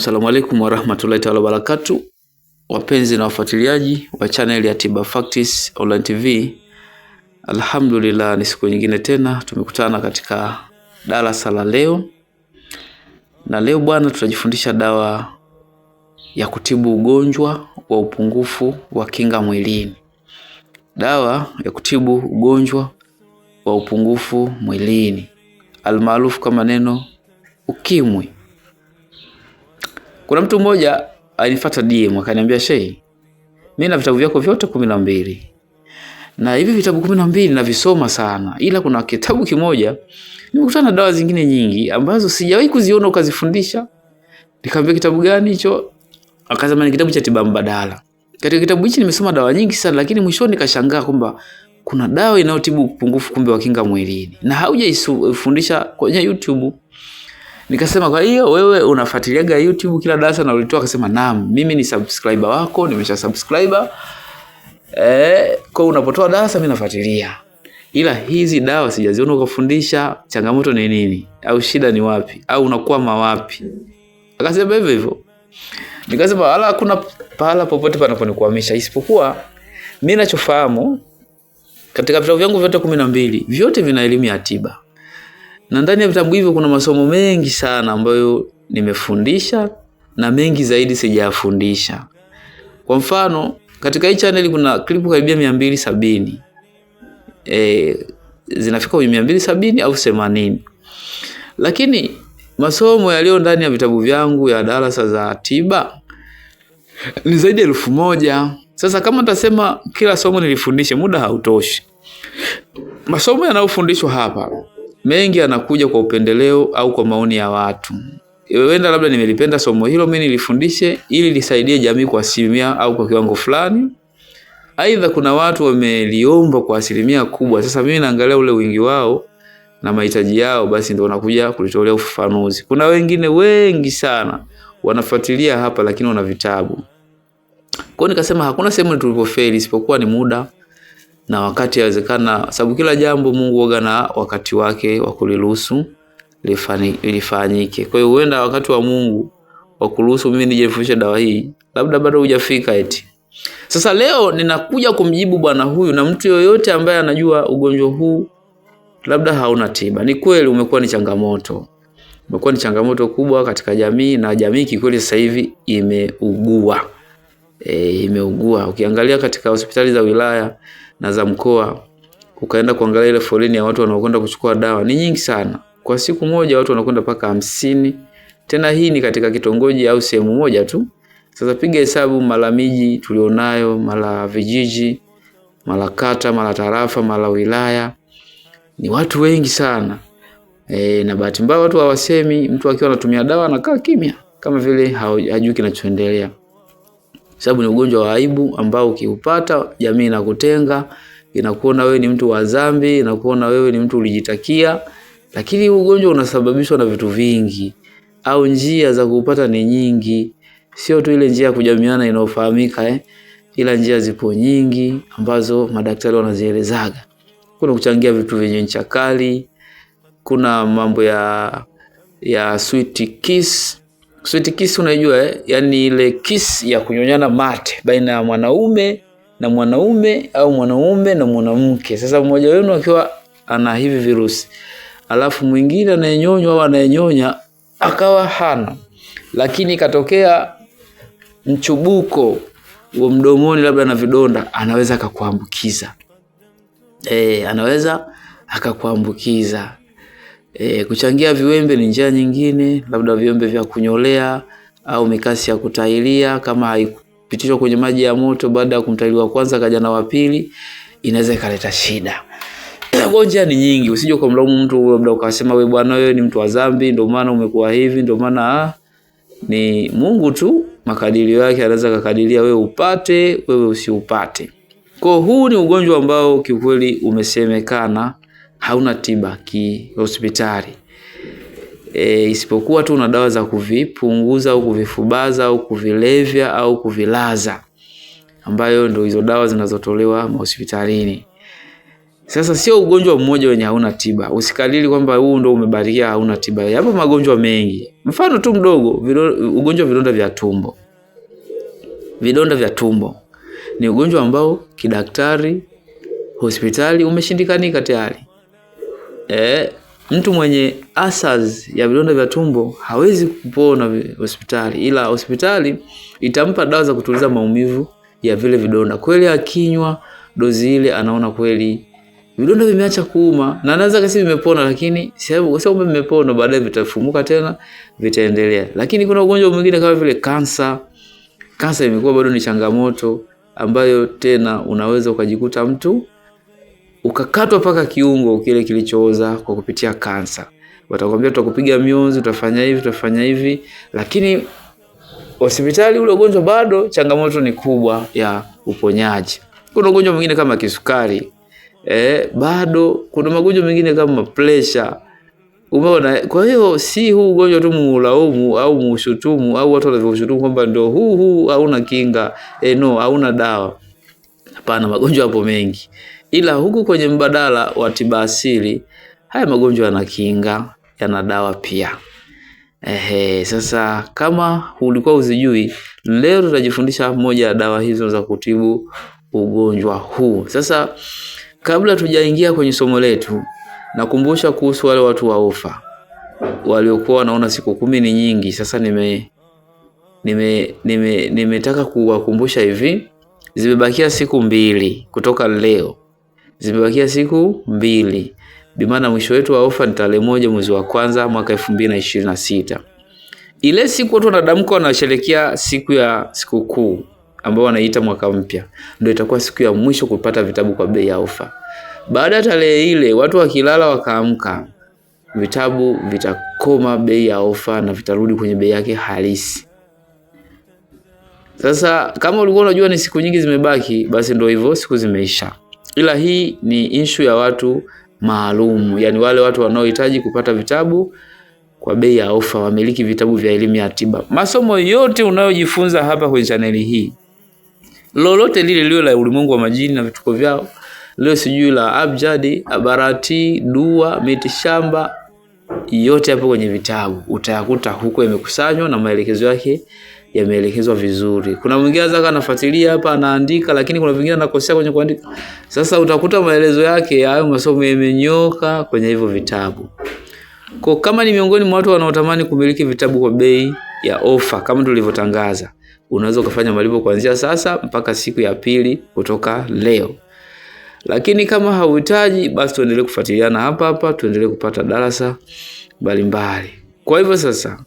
salamu alaikum warahmatullahi taala wabarakatu, wapenzi na wafuatiliaji wa channel ya Tiba Facts Online TV. Alhamdulillah, ni siku nyingine tena tumekutana katika darasa la leo, na leo bwana, tutajifundisha dawa ya kutibu ugonjwa wa upungufu wa kinga mwilini. Dawa ya kutibu ugonjwa wa upungufu mwilini almaarufu kama neno UKIMWI. Kuna mtu mmoja alinifuata DM akaniambia, Sheikh, mimi na vitabu vyako vyote kumi na mbili na hivi vitabu kumi na mbili navisoma sana, ila kuna kitabu kimoja nimekutana na dawa zingine nyingi ambazo sijawahi kuziona ukazifundisha. Nikamwambia, kitabu gani hicho? Akasema ni kitabu cha tiba mbadala. Katika kitabu hichi nimesoma dawa nyingi sana, lakini mwishoni nikashangaa kwamba kuna dawa inayotibu upungufu kumbe wa kinga mwilini, na haujaifundisha kwenye YouTube. Nikasema, kwa hiyo wewe unafuatiliaga YouTube kila darasa na ulitoa? Akasema, naam, mimi ni subscriber wako, nimesha subscriber eh, kwa unapotoa darasa mimi nafuatilia, ila hizi dawa sijaziona ukafundisha. Changamoto ni nini? Au shida ni wapi? Au unakwama wapi? Akasema hivyo hivyo. Nikasema wala hakuna pahala popote panaponikwamisha, isipokuwa mimi ninachofahamu katika vitabu vyangu vyote kumi na mbili vyote vina elimu ya tiba na ndani ya vitabu hivyo kuna masomo mengi sana ambayo nimefundisha na mengi zaidi sijayafundisha. Kwa mfano, katika hii channel kuna klipu karibia mia mbili sabini e, zinafika kwenye mia mbili sabini au themanini, lakini masomo yaliyo ndani ya vitabu vyangu ya darasa za tiba ni zaidi ya elfu moja. Sasa kama nitasema kila somo nilifundishe, muda hautoshi. Masomo yanayofundishwa hapa mengi yanakuja kwa upendeleo au kwa maoni ya watu. Wenda labda nimelipenda somo hilo mimi nilifundishe ili lisaidie jamii kwa asilimia au kwa kiwango fulani. Aidha, kuna watu wameliomba kwa asilimia kubwa. Sasa mimi naangalia ule wingi wao na mahitaji yao, basi ndio nakuja kulitolea ufafanuzi. Kuna wengine wengi sana wanafuatilia hapa, lakini wana vitabu. Kwa hiyo nikasema hakuna sehemu tulipofeli isipokuwa ni muda na wakati yawezekana, sababu kila jambo Mungu huoga na wakati wake wa kuliruhusu lifanyike. Kwa hiyo huenda wakati wa Mungu wa kuruhusu mimi nijifundishe dawa hii labda bado hujafika eti. Sasa leo ninakuja kumjibu bwana huyu na mtu yoyote ambaye anajua ugonjwa huu labda hauna tiba. Ni kweli umekuwa ni changamoto, umekuwa ni changamoto kubwa katika jamii, na jamii kikweli sasa hivi imeugua e, imeugua. Ukiangalia katika hospitali za wilaya na za mkoa, ukaenda kuangalia ile foleni ya watu wanaokwenda kuchukua dawa ni nyingi sana. Kwa siku moja watu wanakwenda mpaka hamsini, tena hii ni katika kitongoji au sehemu moja tu. Sasa piga hesabu mara miji tulionayo, mara vijiji, mara kata, mara tarafa, mara wilaya, ni watu wengi sana. E, na bahati mbaya watu hawasemi. Mtu akiwa anatumia dawa anakaa kimya kama vile hajui kinachoendelea sababu ni ugonjwa wa aibu ambao ukiupata jamii inakutenga, inakuona wewe ni mtu wa dhambi, inakuona wewe ni mtu ulijitakia. Lakini ugonjwa unasababishwa na vitu vingi, au njia za kuupata ni nyingi, sio tu ile njia ya kujamiana inayofahamika eh? Ila njia zipo nyingi ambazo madaktari wanazielezaga. Kuna kuchangia vitu vyenye ncha kali, kuna mambo ya ya sweet kiss Sweet kiss unajua eh? Yani ile kiss ya kunyonyana mate baina ya mwanaume na mwanaume au mwanaume na mwanamke. Sasa mmoja wenu akiwa ana hivi virusi, alafu mwingine anayenyonywa au anayenyonya akawa hana, lakini ikatokea mchubuko wa mdomoni labda na vidonda, anaweza akakuambukiza. E, anaweza akakuambukiza. E, kuchangia viwembe ni njia nyingine, labda viwembe vya kunyolea au mikasi ya kutailia kama haipitishwa kwenye maji ya moto baada ya kumtailiwa kwanza kaja na wa pili, inaweza ikaleta shida. Kwa njia ni nyingi, usije kumlaumu mtu labda ukasema wewe bwana wewe ni mtu wa dhambi ndio maana umekuwa hivi, ndio maana ah, ni Mungu tu makadirio yake anaweza kukadiria wewe upate, wewe usiupate. Kwa huu ni ugonjwa ambao kiukweli umesemekana hauna tiba kihospitali e, isipokuwa tu una dawa za kuvipunguza au kuvifubaza au kuvilevya au kuvilaza, ambayo ndio hizo dawa zinazotolewa mahospitalini. Sasa sio ugonjwa mmoja wenye hauna tiba. Usikalili kwamba huu ndio umebarikia hauna tiba. Yapo magonjwa mengi. Mfano tu mdogo, ugonjwa vidonda vya tumbo. Vidonda vya tumbo ni ugonjwa ambao kidaktari hospitali umeshindikanika tayari eh, mtu mwenye asas ya vidonda vya tumbo hawezi kupona hospitali, ila hospitali itampa dawa za kutuliza maumivu ya vile vidonda. Kweli akinywa dozi ile, anaona kweli vidonda vimeacha kuuma na anaweza kasi vimepona, lakini sio kwa vimepona, baadaye vitafumuka tena, vitaendelea. Lakini kuna ugonjwa mwingine kama vile kansa. Kansa imekuwa bado ni changamoto ambayo tena unaweza ukajikuta mtu ukakatwa mpaka kiungo kile kilichooza kwa kupitia kansa. Watakwambia tutakupiga mionzi, utafanya hivi, utafanya hivi, lakini hospitali ule ugonjwa bado changamoto ni kubwa ya uponyaji. Kuna ugonjwa mwingine kama kisukari eh, bado kuna magonjwa mengine kama pressure Umeona? Kwa hiyo si huu ugonjwa tu muulaumu au mushutumu au watu wanavyoshutumu kwamba ndio huu huu hauna kinga, eh, no hauna dawa. Hapana, magonjwa hapo mengi. Ila huku kwenye mbadala wa tiba asili, haya magonjwa yana kinga, yana dawa pia. Ehe, sasa kama ulikuwa uzijui, leo tutajifundisha moja ya dawa hizo za kutibu ugonjwa huu. Sasa kabla tujaingia kwenye somo letu, nakumbusha kuhusu wale watu wa ofa waliokuwa wanaona siku kumi ni nyingi. Sasa nime nimetaka nime, nime kuwakumbusha hivi, zimebakia siku mbili kutoka leo zimebakia siku mbili, Bimana mwisho wetu wa ofa ni tarehe moja mwezi wa kwanza mwaka elfu mbili na ishirini na sita. Ile siku watu wanadamka wanasherekea siku ya sikukuu ambayo wanaita mwaka mpya, ndio itakuwa siku ya mwisho kupata vitabu kwa bei ya ofa. Baada ya tarehe ile, watu wakilala wakaamka, vitabu vitakoma bei ya ofa na vitarudi kwenye bei yake halisi. Sasa kama ulikuwa unajua ni siku nyingi zimebaki, basi ndio hivyo, siku zimeisha ila hii ni inshu ya watu maalum, yani wale watu wanaohitaji kupata vitabu kwa bei ya ofa, wamiliki vitabu vya elimu ya tiba. Masomo yote unayojifunza hapa kwenye chaneli hii, lolote lile lilo la ulimwengu wa majini na vituko vyao, leo sijui la abjadi, abarati, dua, mitishamba, yote hapo kwenye vitabu utayakuta huko, yamekusanywa na maelekezo yake yameelekezwa vizuri. Kuna mwingine anaweza anafuatilia hapa anaandika, lakini kuna vingine anakosea kwenye kuandika. Sasa utakuta maelezo yake hayo masomo yamenyoka kwenye hivyo vitabu. Kwa kama ni miongoni mwa watu wanaotamani kumiliki vitabu kwa bei ya ofa kama tulivyotangaza, unaweza ukafanya malipo kuanzia sasa mpaka siku ya pili kutoka leo. Lakini kama hauhitaji, basi tuendelee kufuatiliana hapa hapa, tuendelee kupata darasa mbalimbali. Kwa hivyo sasa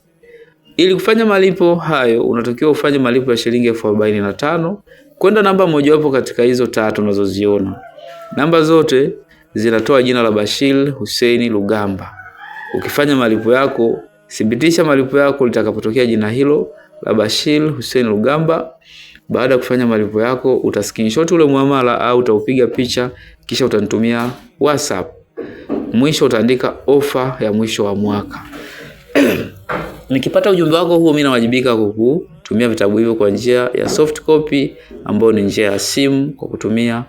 ili kufanya malipo hayo unatakiwa ufanye malipo ya shilingi elfu arobaini na tano kwenda namba mojawapo katika hizo tatu unazoziona. Namba zote zinatoa jina la Bashir Hussein Lugamba. Ukifanya malipo yako, thibitisha malipo yako litakapotokea jina hilo la Bashir Hussein Lugamba. Baada ya kufanya malipo yako, uta screenshot ule muamala au utaupiga picha kisha utanitumia WhatsApp. Mwisho utaandika ofa ya mwisho wa mwaka Nikipata ujumbe wako huo, mimi nawajibika kukutumia vitabu hivyo kwa njia ya soft copy, ambayo ni njia ya simu kwa kutumia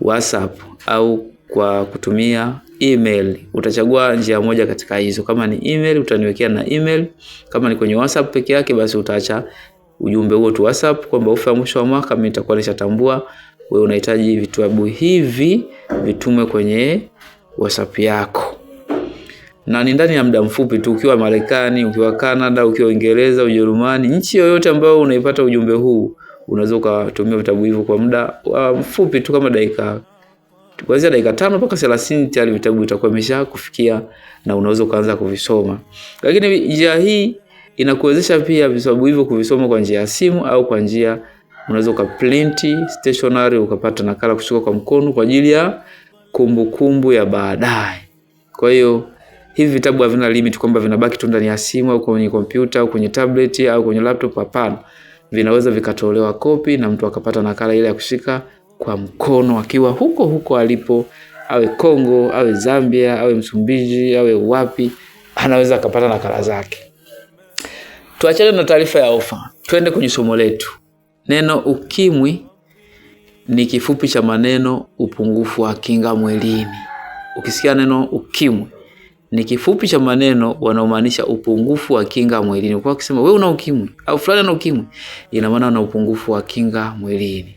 WhatsApp au kwa kutumia email. Utachagua njia moja katika hizo. Kama ni email, utaniwekea na email. Kama ni kwenye WhatsApp peke yake, basi utaacha ujumbe huo tu WhatsApp kwamba ufa mwisho wa mwaka mimi nitakuwa nishatambua wewe unahitaji vitabu hivi vitumwe kwenye WhatsApp yako na ni ndani ya muda mfupi tu. Ukiwa Marekani, ukiwa Canada, ukiwa Uingereza, Ujerumani, nchi yoyote ambayo unaipata ujumbe huu, unaweza ukatumia vitabu hivyo kwa muda mfupi tu, kama dakika kuanzia dakika tano mpaka thelathini tayari vitabu vitakuwa vimesha kufikia na unaweza ukaanza kuvisoma. Lakini njia hii inakuwezesha pia vitabu hivyo kuvisoma kwa njia ya simu au kwa njia unaweza ukaprinti stationery ukapata nakala kushika kwa mkono kwa ajili ya kumbukumbu ya baadaye. Kwa hiyo hivi vitabu havina limit kwamba vinabaki tu ndani ya simu au kwenye kompyuta au kwenye tablet au kwenye laptop. Hapana, vinaweza vikatolewa kopi na mtu akapata nakala ile ya kushika kwa mkono akiwa huko huko alipo, awe Kongo, awe Zambia, awe Msumbiji, awe wapi, anaweza akapata nakala zake. Tuachane na taarifa ya ofa, twende kwenye somo letu. Neno ukimwi ni kifupi cha maneno upungufu wa kinga mwilini. Ukisikia neno ukimwi ni kifupi cha maneno wanaomaanisha upungufu wa kinga mwilini. Kwa kusema wewe una ukimwi au fulani ana ukimwi, ina maana una upungufu wa kinga mwilini.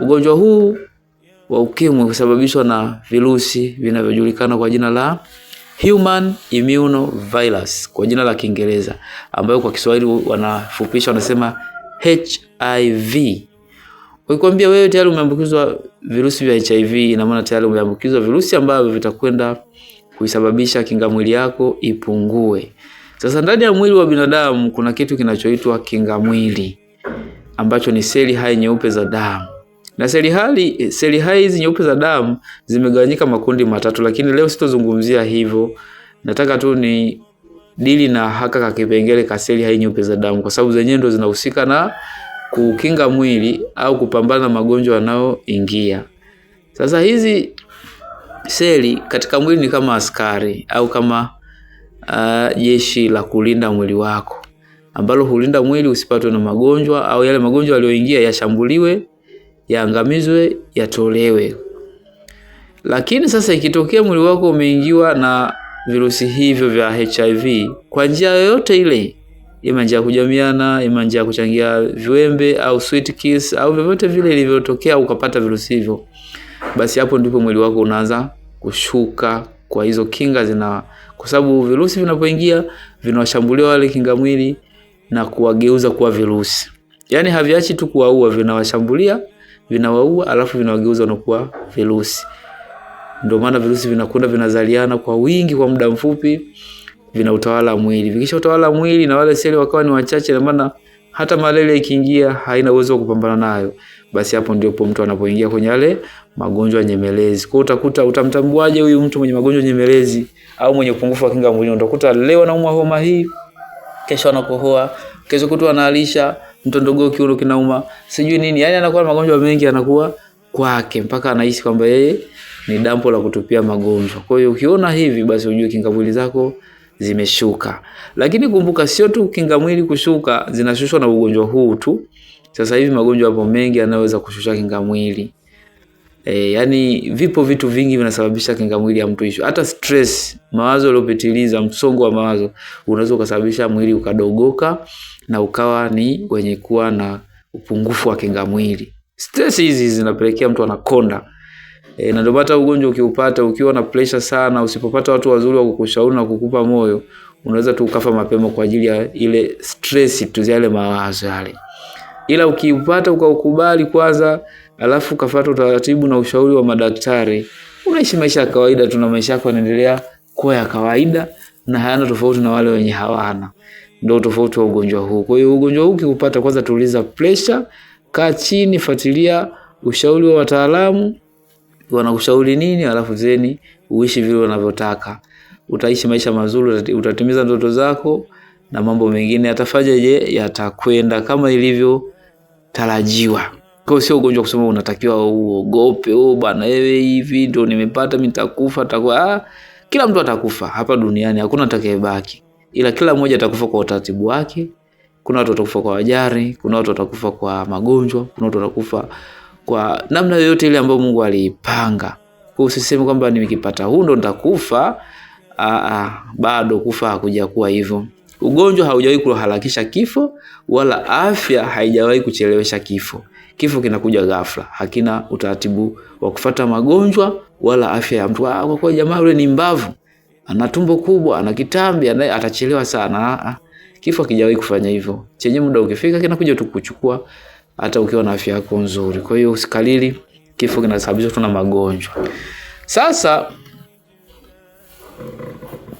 Ugonjwa huu wa ukimwi husababishwa na virusi vinavyojulikana kwa jina la Human virus kwa jina la Kiingereza, ambayo kwa Kiswahili wanafupisha wanasema HIV. Ukikwambia wewe tayari umeambukizwa virusi vya HIV, ina maana tayari umeambukizwa virusi ambavyo vitakwenda kuisababisha kinga mwili yako ipungue. Sasa ndani ya mwili wa binadamu kuna kitu kinachoitwa kinga mwili ambacho ni seli hai nyeupe za damu na seli hali seli hai hizi nyeupe za damu zimegawanyika makundi matatu, lakini leo sitozungumzia hivyo. Nataka tu ni dili na haka ka kipengele ka seli hai nyeupe za damu, kwa sababu zenyewe ndo zinahusika na kukinga mwili au kupambana na magonjwa yanayoingia. Sasa hizi seli katika mwili ni kama askari au kama uh, jeshi la kulinda mwili wako ambalo hulinda mwili usipatwe na magonjwa au yale magonjwa yaliyoingia yashambuliwe, yaangamizwe, yatolewe. Lakini sasa ikitokea mwili wako umeingiwa na virusi hivyo vya HIV kwa njia yoyote ile, ima njia ya kujamiana, ima njia ya kuchangia viwembe au sweet kiss, au vyovyote vile ilivyotokea ukapata virusi hivyo, basi hapo ndipo mwili wako unaanza kushuka kwa hizo kinga zina, kwa sababu virusi vinapoingia vinawashambulia wale kinga mwili na kuwageuza kuwa virusi. Yaani haviachi tu kuwaua, vinawashambulia vinawaua, alafu vinawageuza kuwa virusi. Ndio maana virusi vinakunda vinazaliana kwa wingi kwa muda mfupi, vina utawala mwili. Vikisha utawala mwili na wale seli wakawa ni wachache, na maana hata malaria ikiingia haina uwezo wa kupambana nayo basi hapo ndipo mtu anapoingia kwenye yale magonjwa nyemelezi. Kwa utakuta, utamtambuaje huyu mtu mwenye magonjwa nyemelezi au mwenye upungufu wa kinga mwilini? Utakuta leo anaumwa homa hii, kesho anakohoa, kesho kutwa analisha, mtondogoo kiuno kinauma, sijui nini, yaani anakuwa na magonjwa mengi, anakuwa kwake mpaka anahisi kwamba yeye ni dampo la kutupia magonjwa. Kwa hiyo ukiona hivi, basi ujue kinga mwili zako zimeshuka. Lakini kumbuka, sio tu kinga mwili kushuka, zinashushwa na ugonjwa huu tu, sasa hivi magonjwa hapo mengi yanayoweza kushusha kinga mwili. E, yani vipo vitu vingi vinasababisha kinga mwili ya mtu ishu. Hata stress, mawazo yaliyopitiliza, msongo wa mawazo unaweza ukasababisha mwili ukadogoka na ukawa ni wenye kuwa na upungufu wa kinga mwili. Stress hizi zinapelekea mtu anakonda. E, na ndio hata ugonjwa ukiupata ukiwa na pressure sana, usipopata watu wazuri wa kukushauri na kukupa moyo, unaweza tu ukafa mapema kwa ajili ya ile stress tu yale mawazo yale ila ukiupata ukaukubali kwanza, alafu ukafuata utaratibu na ushauri wa madaktari, unaishi maisha ya kawaida tu na maisha yako yanaendelea kuwa ya kawaida na hayana tofauti na wale wenye hawana. Ndio tofauti wa ugonjwa huu. Kwa hiyo ugonjwa huu ukiupata, kwanza tuliza pressure, kaa chini, fuatilia ushauri wa wataalamu, wanakushauri nini, alafu zeni uishi vile unavyotaka. Utaishi maisha mazuri, utatimiza ndoto zako na mambo mengine yatafaje, je, yatakwenda kama ilivyo tarajiwa. Kwa hiyo sio ugonjwa kusema unatakiwa uogope, oh bwana wewe hivi ndio nimepata mimi nitakufa, nitakuwa ah, kila mtu atakufa hapa duniani, hakuna atakayebaki. Ila kila mmoja atakufa kwa utaratibu wake. Kuna watu watakufa kwa ajali, kuna watu watakufa kwa magonjwa, kuna watu watakufa kwa namna yoyote ile ambayo Mungu aliipanga. Kwa hiyo usiseme kwamba nimekipata huu ndo nitakufa. Ah, ah, bado kufa hakuja kuwa hivyo. Ugonjwa haujawahi kuharakisha kifo wala afya haijawahi kuchelewesha kifo. Kifo kinakuja ghafla, hakina utaratibu wa kufata magonjwa wala afya ya mtu. Ah, kwa kuwa jamaa yule ni mbavu, ana tumbo kubwa, ana kitambi, atachelewa sana. Ah, ah. Kifo hakijawahi kufanya hivyo, chenye muda ukifika kinakuja tu kuchukua, hata ukiwa na afya yako nzuri. Kwa hiyo usikalili kifo kinasababishwa tu na magonjwa. Sasa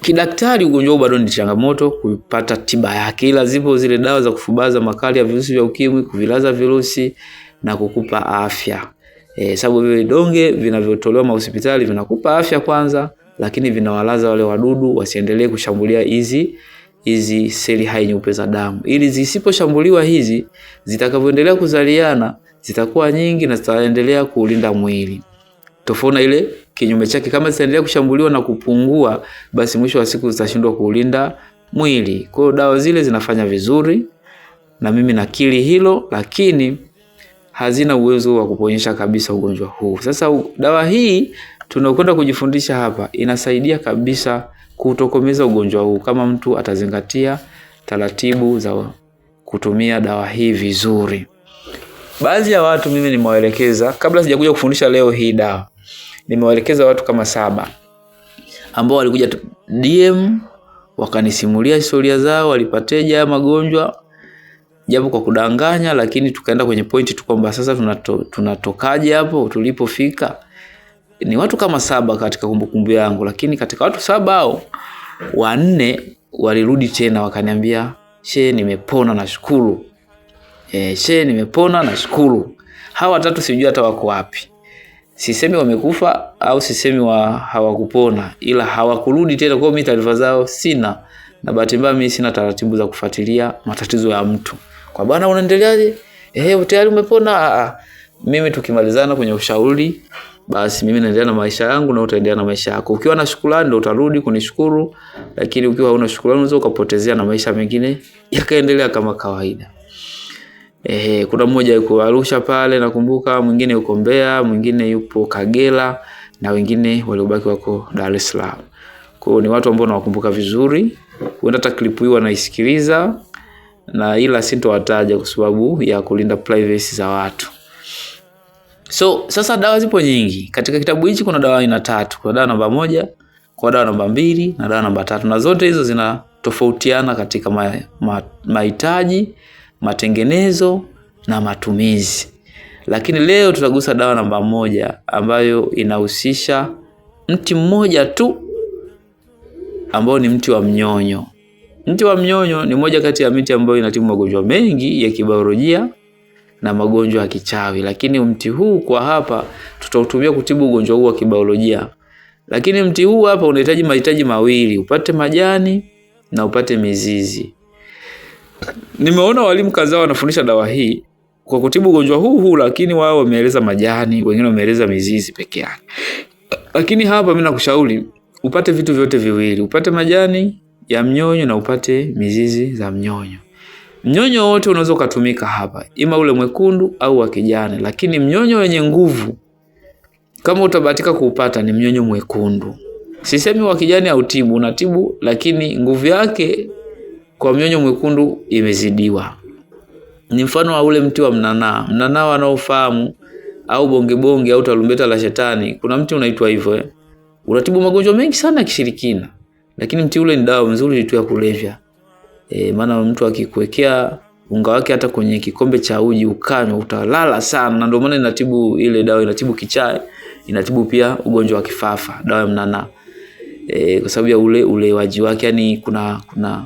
Kidaktari, ugonjwa huu bado ni changamoto kupata tiba yake, ila zipo zile dawa za kufubaza makali ya virusi vya ukimwi, kuvilaza virusi na kukupa afya e, sababu vile vidonge vinavyotolewa mahospitali vinakupa afya kwanza, lakini vinawalaza wale wadudu wasiendelee kushambulia hizi hizi seli hai nyeupe za damu, ili zisiposhambuliwa hizi, zitakavyoendelea kuzaliana zitakuwa nyingi na zitaendelea kulinda mwili tofauti ile kinyume chake. Kama zitaendelea kushambuliwa na kupungua, basi mwisho wa siku zitashindwa kuulinda mwili. Kwa hiyo dawa zile zinafanya vizuri na mimi nakiri hilo, lakini hazina uwezo wa kuponyesha kabisa ugonjwa huu. Sasa dawa hii tunakwenda kujifundisha hapa inasaidia kabisa kutokomeza ugonjwa huu kama mtu atazingatia taratibu za kutumia dawa hii vizuri. Baadhi ya watu mimi nimewaelekeza, kabla sijakuja kufundisha leo hii dawa, nimewaelekeza watu kama saba ambao walikuja DM wakanisimulia historia zao, walipateja magonjwa japo kwa kudanganya, lakini tukaenda kwenye pointi tu kwamba sasa tunato, tunatokaje hapo tulipofika. Ni watu kama saba katika kumbukumbu yangu, lakini katika watu saba hao wanne walirudi tena wakaniambia, she nimepona nashukuru. E, she nimepona nashukuru. Hawa watatu sijui hata wako wapi. Sisemi wamekufa au sisemi wa hawakupona, ila hawakurudi tena. Kwa hiyo mimi taarifa zao sina, na bahati mbaya mimi sina taratibu za kufuatilia matatizo ya mtu, kwa bwana, unaendeleaje? Ehe, tayari umepona? Aa, ah, ah. mimi tukimalizana kwenye ushauri, basi mimi naendelea na maisha yangu na utaendelea na maisha yako. Ukiwa na shukrani ndio utarudi kunishukuru, lakini ukiwa hauna shukrani unaweza ukapotezea na maisha mengine yakaendelea kama kawaida. Ehe, kuna mmoja yuko Arusha pale nakumbuka, mwingine yuko Mbeya, mwingine yupo Kagera na wengine waliobaki wako Dar es Salaam. Kwa hiyo ni watu ambao nawakumbuka vizuri. Huenda hata clip hii wanaisikiliza na ila sintowataja kwa sababu ya kulinda privacy za watu. So sasa dawa zipo nyingi. Katika kitabu hichi kuna dawa aina tatu. Kuna dawa namba moja, kuna dawa namba mbili na dawa namba tatu na zote hizo zinatofautiana katika mahitaji ma matengenezo na matumizi. Lakini leo tutagusa dawa namba moja ambayo inahusisha mti mmoja tu ambao ni mti wa mnyonyo. Mti wa mnyonyo ni moja kati ya miti ambayo inatibu magonjwa mengi ya kibiolojia na magonjwa ya kichawi, lakini mti huu kwa hapa tutautumia kutibu ugonjwa huu wa kibiolojia. Lakini mti huu hapa unahitaji mahitaji mawili, upate majani na upate mizizi. Nimeona walimu kadhaa wanafundisha dawa hii kwa kutibu ugonjwa huu huu, lakini wao wameeleza majani, wengine wameeleza mizizi peke yake. Lakini hapa mimi nakushauri upate vitu vyote viwili, upate majani ya mnyonyo na upate mizizi za mnyonyo. Mnyonyo wote unaweza ukatumika hapa, ima ule mwekundu au wa kijani, lakini mnyonyo wenye nguvu kama utabahatika kuupata ni mnyonyo mwekundu. Sisemi wa kijani hautibu, unatibu, lakini nguvu yake kwa mnyonyo mwekundu imezidiwa. Ni mfano wa ule mti wa mnanaa. Mnanaa wanaofahamu au bongebonge au talumbeta la shetani, kuna mti unaitwa hivyo eh. Unatibu magonjwa mengi sana kishirikina, lakini mti ule ni dawa nzuri tu ya kulevya e, maana mtu akikuwekea unga wake hata kwenye kikombe cha uji ukanywa utalala sana, na ndio maana inatibu ile dawa, inatibu kichaa, inatibu pia ugonjwa wa kifafa, dawa ya mnanaa e, kwa sababu ya ule ulewaji wake, yani kuna kuna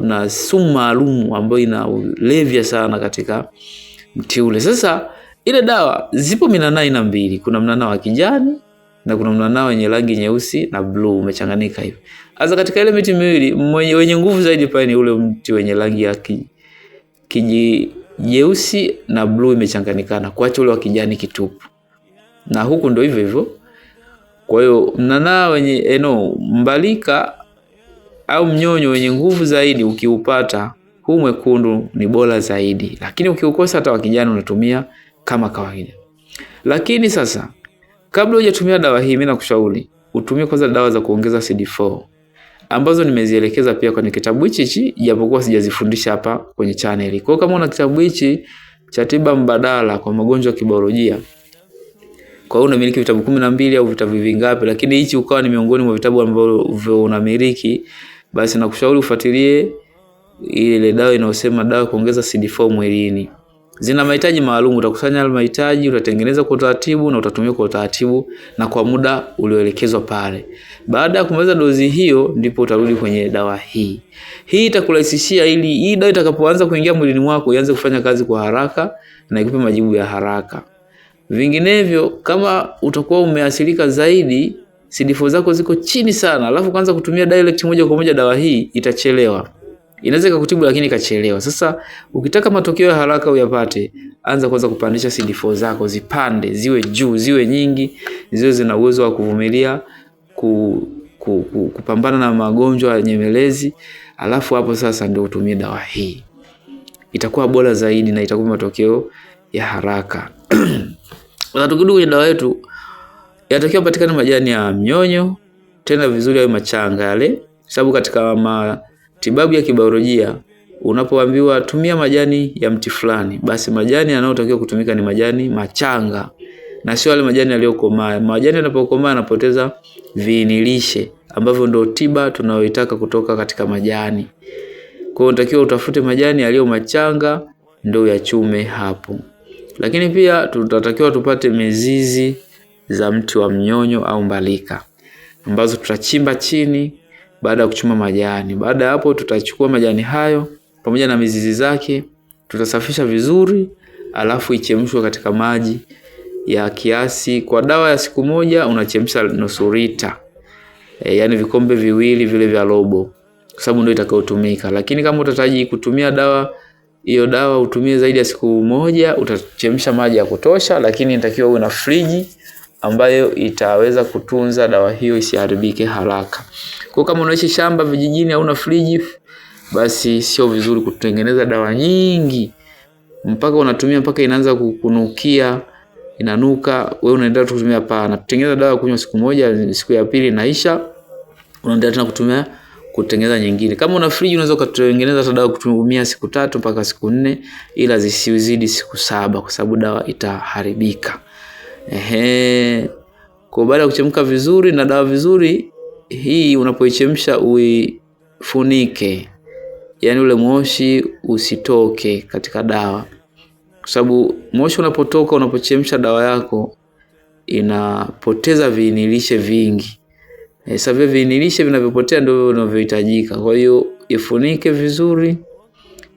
kuna sumu maalum ambayo ina inaulevya sana katika mti ule. Sasa ile dawa zipo minanaa aina mbili, kuna mnanaa wa kijani na kuna mnanaa wenye rangi nyeusi na bluu umechanganyika hivi. Sasa katika ile miti miwili mwenye, wenye nguvu zaidi pale ni ule mti wenye rangi ya kiji nyeusi na bluu imechanganyikana, kuacha ule wa kijani kitupu, na huku ndo hivyo hivyo. Kwa hiyo mnanaa wenye eno eh, mbalika au mnyonyo wenye nguvu zaidi ukiupata, huu mwekundu ni bora zaidi, lakini ukiukosa hata wa kijani unatumia kama kawaida. Lakini sasa kabla hujatumia dawa hii, mimi nakushauri utumie kwanza dawa za kuongeza CD4 ambazo nimezielekeza pia kwenye kitabu hichi hichi, japokuwa sijazifundisha hapa kwenye channel. Kwa kama una kitabu hichi cha tiba mbadala kwa magonjwa ya kibiolojia, kwa hiyo unamiliki vitabu kumi na mbili au vitabu vingapi, lakini hichi ukawa ni miongoni mwa vitabu ambavyo unamiliki basi nakushauri ufuatilie ile dawa inayosema dawa kuongeza CD4 mwilini. Zina mahitaji maalum, utakusanya mahitaji, utatengeneza kwa utaratibu na utatumia kwa utaratibu na kwa muda ulioelekezwa pale. Baada ya kumaliza dozi hiyo, ndipo utarudi kwenye dawa hii. Hii itakurahisishia ili hii dawa itakapoanza kuingia mwilini mwako ianze kufanya kazi kwa haraka na ikupe majibu ya haraka. Vinginevyo, kama utakuwa umeathirika zaidi CD4 zako ziko chini sana, alafu kwanza kutumia direct moja kwa moja dawa hii itachelewa. Inaweza kukutibu lakini ikachelewa. Sasa ukitaka matokeo ya haraka uyapate, anza kwanza kupandisha CD4 zako, zipande, ziwe juu, ziwe nyingi, ziwe zina uwezo wa kuvumilia ku, ku, ku, kupambana na magonjwa ya nyemelezi, alafu hapo sasa ndio utumie dawa hii. Itakuwa bora zaidi na itakupa matokeo ya haraka. Sasa tukirudi kwenye dawa yetu yatakiwa patikane majani ya mnyonyo tena vizuri yawe machanga yale, sababu katika matibabu ya kibiolojia unapoambiwa tumia majani ya mti fulani, basi majani yanayotakiwa kutumika ni majani machanga na sio yale majani yaliyokomaa. Majani yanapokomaa yanapoteza viinilishe ambavyo ndio tiba tunayoitaka kutoka katika majani. Kwa hiyo unatakiwa utafute majani yaliyo machanga ndio yachume hapo, lakini pia tutatakiwa tupate mizizi za mti wa mnyonyo au mbalika ambazo tutachimba chini baada ya kuchuma majani. Baada ya hapo, tutachukua majani hayo pamoja na mizizi zake, tutasafisha vizuri, alafu ichemshwe katika maji ya kiasi. Kwa dawa ya siku moja unachemsha nusu lita e, yani vikombe viwili vile vya robo, kwa sababu ndio itakayotumika. Lakini kama utataji kutumia dawa hiyo dawa utumie zaidi ya siku moja, utachemsha maji ya kutosha, lakini inatakiwa uwe na friji ambayo itaweza kutunza dawa hiyo isiharibike haraka. Kwa kama unaishi shamba vijijini, au una friji, basi sio vizuri kutengeneza dawa nyingi mpaka unatumia mpaka inaanza kukunukia inanuka, wewe unaendelea kutumia. Hapana, kutengeneza dawa kunywa siku moja, siku ya pili inaisha, unaendelea tena kutumia kutengeneza nyingine. Kama una friji unaweza kutengeneza hata dawa kutumia siku tatu mpaka siku nne, ila zisizidi siku saba kwa sababu dawa itaharibika. Ehe. Kwa baada ya kuchemka vizuri na dawa vizuri, hii unapoichemsha uifunike, yaani ule moshi usitoke katika dawa, kwa sababu moshi unapotoka unapochemsha dawa yako inapoteza viinilishe vingi. E, sasa viinilishe vinavyopotea ndio vinavyohitajika. Kwa hiyo ifunike vizuri,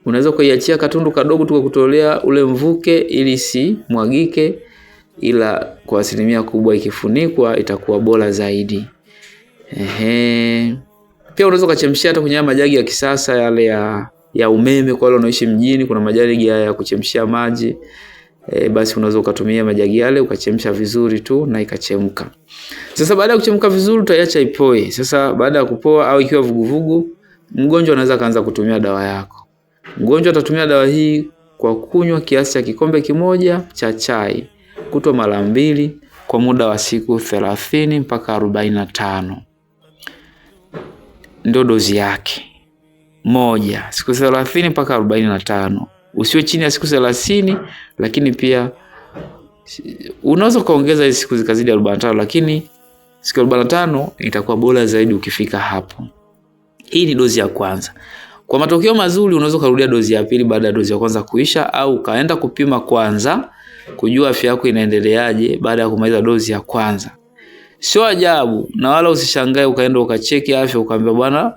unaweza kuiachia katundu kadogo tu kutolea ule mvuke ili isimwagike ila kwa asilimia kubwa ikifunikwa itakuwa bora zaidi. Ehe. Pia unaweza ukachemshia hata kwenye majagi ya kisasa yale ya ya umeme kwa wale wanaoishi mjini, kuna majagi haya ya kuchemshia maji e, basi unaweza ukatumia majagi yale ukachemsha vizuri tu na ikachemka. Sasa baada ya kuchemka vizuri utaiacha ipoe. Sasa baada ya kupoa au ikiwa vuguvugu, mgonjwa anaweza kaanza kutumia dawa yako. Mgonjwa atatumia dawa hii kwa kunywa kiasi cha kikombe kimoja cha chai kutwa mara mbili kwa muda wa siku thelathini mpaka arobaini na tano ndio dozi yake moja, siku thelathini mpaka arobaini na tano Usiwe chini ya siku thelathini, lakini pia unaweza ukaongeza hizi siku zikazidi arobaini na tano lakini siku arobaini na tano itakuwa bora zaidi ukifika hapo. Hii ni dozi ya kwanza. Kwa matokeo mazuri, unaweza ukarudia dozi ya pili baada ya dozi ya kwanza kuisha, au ukaenda kupima kwanza kujua afya yako inaendeleaje baada ya kumaliza dozi ya kwanza. Sio ajabu na wala usishangae ukaenda ukacheki afya ukaambia, bwana,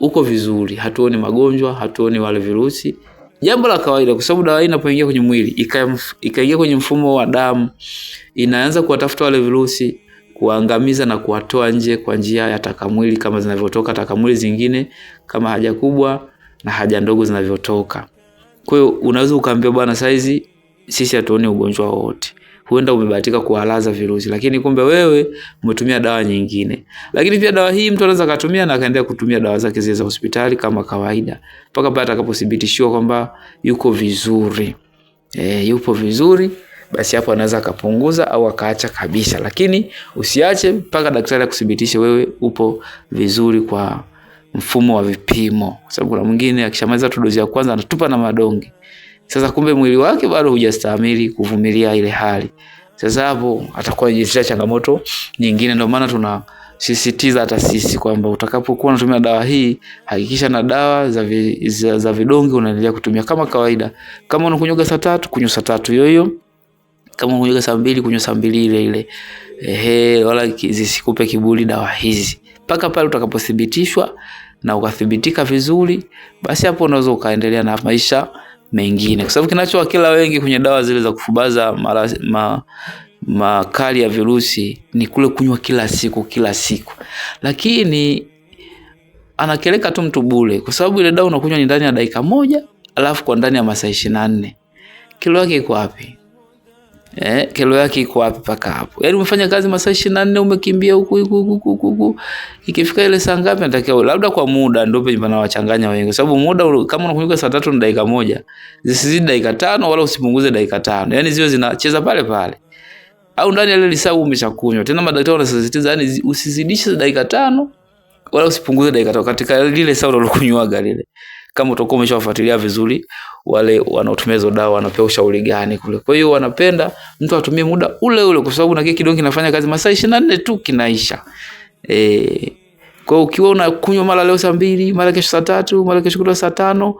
uko vizuri, hatuoni magonjwa, hatuoni wale virusi. Jambo la kawaida, kwa sababu dawa inapoingia kwenye mwili ikaingia kwenye mfumo wa damu, inaanza kuwatafuta wale virusi, kuangamiza na kuwatoa nje kwa njia ya takamwili, kama zinavyotoka takamwili zingine kama haja kubwa na haja ndogo zinavyotoka. Kwa hiyo unaweza ukaambia, bwana, saizi sisi hatuoni ugonjwa wowote huenda umebahatika kuwalaza virusi, lakini kumbe wewe umetumia dawa nyingine. Lakini pia dawa hii mtu anaweza akatumia na akaendelea kutumia dawa zake zile za hospitali kama kawaida, mpaka pale atakapothibitishiwa kwamba yuko vizuri e, yupo vizuri, basi hapo anaweza akapunguza au akaacha kabisa, lakini usiache mpaka daktari akuthibitishe wewe upo vizuri kwa mfumo wa vipimo, kwa sababu kuna mwingine akishamaliza tu dozi ya kwanza anatupa na madonge. Sasa kumbe mwili wake bado hujastahimili kuvumilia ile hali. Sasa hapo atakuwa anajitia changamoto nyingine. Ndio maana tuna tunasisitiza hata sisi kwamba utakapokuwa unatumia dawa hii, hakikisha na dawa za, vi, za, za vidonge unaendelea kutumia kama kawaida. Kama unakunyoga saa tatu, kunywa saa tatu hiyo hiyo. Kama unakunyoga saa mbili, kunywa saa mbili ile ile. Ehe, wala zisikupe kiburi dawa hizi mpaka pale utakapothibitishwa na ukathibitika vizuri, basi hapo unaweza ukaendelea na maisha mengine, kwa sababu kinachowakila wengi kwenye dawa zile za kufubaza mara, ma, makali ya virusi ni kule kunywa kila siku kila siku, lakini anakeleka tu mtu bure, kwa sababu ile dawa unakunywa ni ndani ya dakika moja, alafu kwa ndani ya masaa ishirini na nne kilo yake iko wapi? Eh, kelo yake iko wapi paka hapo? Yaani umefanya kazi masaa 24 umekimbia huku huku huku huku. Ikifika ile saa ngapi natakiwa labda kwa muda ndio penye panawachanganya wengi. Sababu muda ulu, kama unakunyuka saa tatu na dakika moja, zisizidi dakika tano wala usipunguze dakika tano. Yaani zio zinacheza pale pale. Au ndani ya ile saa umeshakunywa. Tena madaktari wanasisitiza yaani usizidishe dakika tano wala usipunguze dakika tano katika lile saa gari lile kama utakuwa umeshawafuatilia vizuri wale wanaotumia hizo dawa wanapewa ushauri gani kule. Kwa hiyo wanapenda mtu atumie muda ule ule, kwa sababu na kile kidonge kinafanya kazi masaa 24 tu kinaisha. Eh, kwa hiyo ukiwa unakunywa mara leo saa mbili, mara kesho saa tatu, mara kesho kutwa saa tano,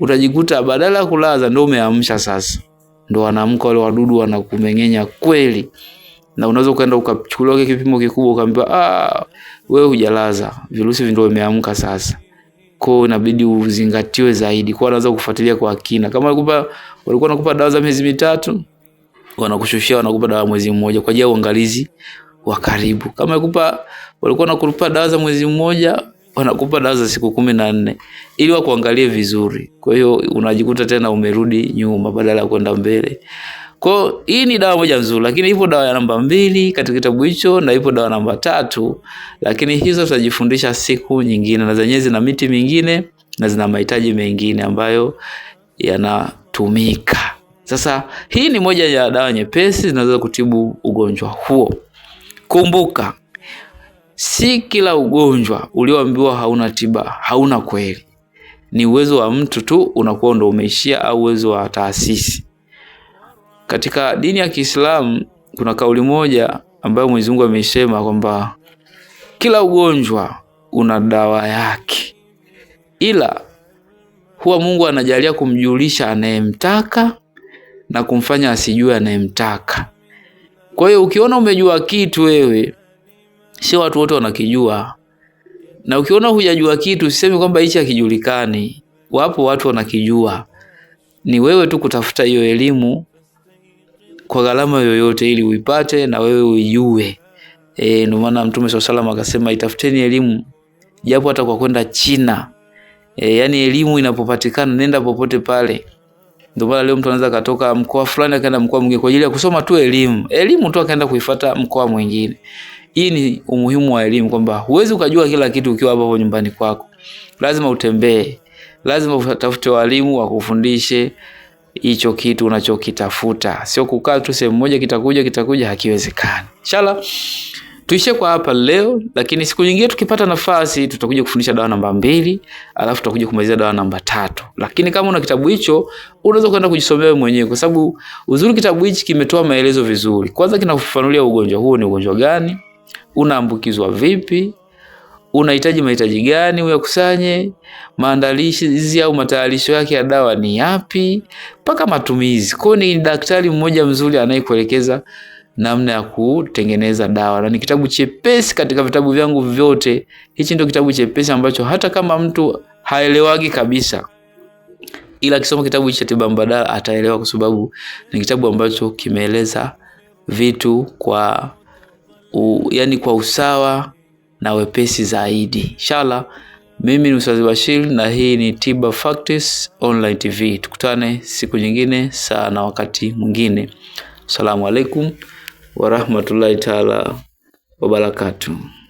utajikuta badala ya kulaza ndio umeamsha sasa. Ndio wanaamka wale wadudu wanakumeng'enya kweli. Na unaweza ukaenda ukachukuliwa kipimo kikubwa ukaambiwa, ah, wewe hujalaza, virusi ndio vimeamka sasa ko inabidi uzingatiwe zaidi, kwa anaweza kufuatilia kwa kina. Kama walikupa walikuwa wanakupa dawa za miezi mitatu, wanakushushia wanakupa dawa mwezi mmoja kwa ajili ya uangalizi wa karibu. Kama walikupa walikuwa wanakupa dawa za mwezi mmoja, wanakupa dawa za siku kumi na nne ili wakuangalie vizuri. Kwa hiyo unajikuta tena umerudi nyuma badala ya kwenda mbele. Kwa hii ni dawa moja nzuri, lakini ipo dawa ya namba mbili katika kitabu hicho na ipo dawa namba tatu, lakini hizo tutajifundisha siku nyingine, na zenyewe zina miti mingine na zina mahitaji mengine ambayo yanatumika. Sasa hii ni moja ya dawa nyepesi zinazoweza kutibu ugonjwa huo. Kumbuka, si kila ugonjwa ulioambiwa hauna tiba hauna kweli, ni uwezo wa mtu tu unakuwa ndo umeishia, au uwezo wa taasisi. Katika dini ya Kiislamu kuna kauli moja ambayo Mwenyezi Mungu ameisema kwamba kila ugonjwa una dawa yake, ila huwa Mungu anajalia kumjulisha anayemtaka na kumfanya asijue anayemtaka. Kwa hiyo ukiona umejua kitu wewe, sio watu wote wanakijua, na ukiona hujajua kitu, sisemi kwamba hichi hakijulikani. Wapo watu wanakijua, ni wewe tu kutafuta hiyo elimu kwa gharama yoyote ili uipate na wewe uijue. E, ndio maana Mtume swalla salam akasema itafuteni elimu japo hata kwa kwenda China. E, yani elimu inapopatikana nenda popote pale. Ndio maana leo mtu anaweza katoka mkoa fulani akaenda mkoa mwingine kwa ajili ya kusoma tu elimu. Elimu tu akaenda kuifuata mkoa mwingine. Hii ni umuhimu wa elimu kwamba huwezi ukajua kila kitu ukiwa hapa hapo nyumbani kwako. Lazima utembee. Lazima utafute walimu wakufundishe hicho kitu unachokitafuta, sio kukaa tu sehemu moja, kitakuja kitakuja, hakiwezekani. Inshallah tuishie kwa hapa leo, lakini siku nyingine tukipata nafasi tutakuja kufundisha dawa namba mbili, alafu tutakuja kumalizia dawa namba tatu. Lakini kama una kitabu hicho unaweza kwenda kujisomea wewe mwenyewe, kwa sababu uzuri kitabu hichi kimetoa maelezo vizuri. Kwanza kinafafanulia ugonjwa huo ni ugonjwa gani, unaambukizwa vipi unahitaji mahitaji gani uyakusanye, maandalizi au matayarisho yake ya dawa ni yapi, mpaka matumizi. Kwa hiyo ni daktari mmoja mzuri anayekuelekeza namna ya kutengeneza dawa, na ni kitabu chepesi katika vitabu vyangu vyote. Hichi ndio kitabu chepesi ambacho hata kama mtu haelewagi kabisa, ila akisoma kitabu hichi cha tiba mbadala ataelewa, kwa sababu ni kitabu ambacho kimeeleza vitu kwa u, yani kwa usawa na wepesi zaidi. Inshallah, mimi ni Ustadh Bashir na hii ni Tiba Facts Online TV. Tukutane siku nyingine saa na wakati mwingine. Assalamu alaikum warahmatullahi taala wabarakatuh.